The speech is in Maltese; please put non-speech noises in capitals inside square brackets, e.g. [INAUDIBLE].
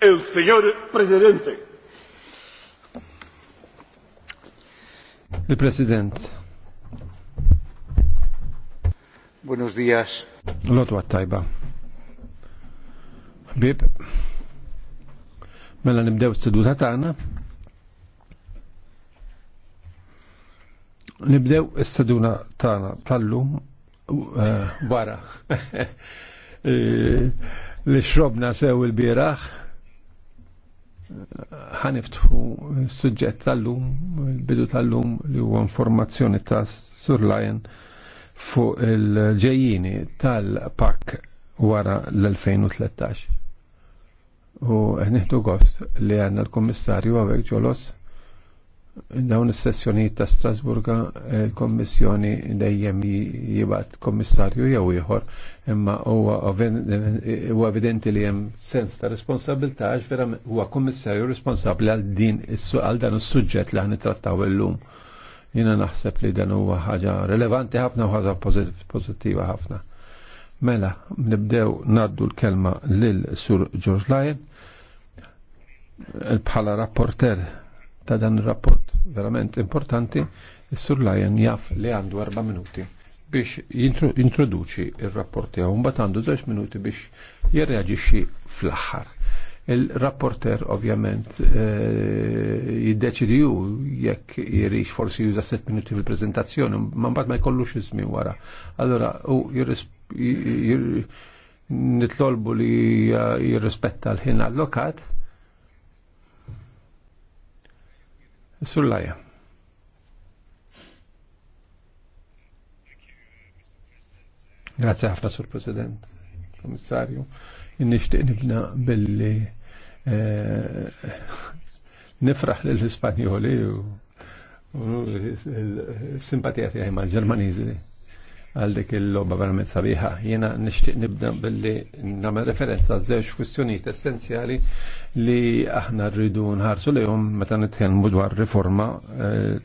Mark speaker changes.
Speaker 1: il signor Presidente. Il President. Buenos días. Lotu tajba. Bib. Mela nibdew s-seduta tagħna. Nibdew s-seduna tagħna tal-lum eh, wara. [LAUGHS] Eh, li xrobna sew il-bieraħ ħaniftħu suġġett tal-lum, bidu tal-lum li huwa informazzjoni ta' Sur Lion fuq il-ġejjini tal-pak wara l-2013. U nieħdu gost li għanna l komissarju għavek ġolos dawn is-sessjonijiet ta' Strasburga l-Kommissjoni dejjem jibgħat kommissarju jew ieħor, imma huwa evidenti li hemm sens ta' responsabilità għax vera huwa kommissarju responsabbli għal din għal dan is-suġġett li ħnitrattaw illum. Jiena naħseb li dan huwa ħaġa rilevanti ħafna u ħaġa pożittiva ħafna. Mela, nibdew naddu l-kelma lil Sur George Lyon bħala rapporter ta' dan ir-rapport verament importanti, s-sur Lajan jaff li għandu 4 minuti biex jintroduċi il-rapporti għu, mbat għandu 10 minuti biex jirreagġixi fl-axħar. Il-rapporter ovvjament eh, jiddeċidi ju jekk jirix forsi juża 7 minuti fil-prezentazzjoni, ma mbagħad ma jkollux iżmin wara. Allora u nitlolbu li jirrispetta l-ħin allokat Sullaja. Grazie ħafna, Sur President, Komissarju. Nishtiq nibna billi eh, nifraħ l-Ispanjoli u simpatija tiegħi mal-Ġermaniżi għal dik il-logħba verament sabiħa. Jiena nixtieq nibda billi nagħmel referenza għal żewġ kwistjonijiet essenzjali li aħna rridu nħarsu lejhom meta nitkellmu dwar riforma eh,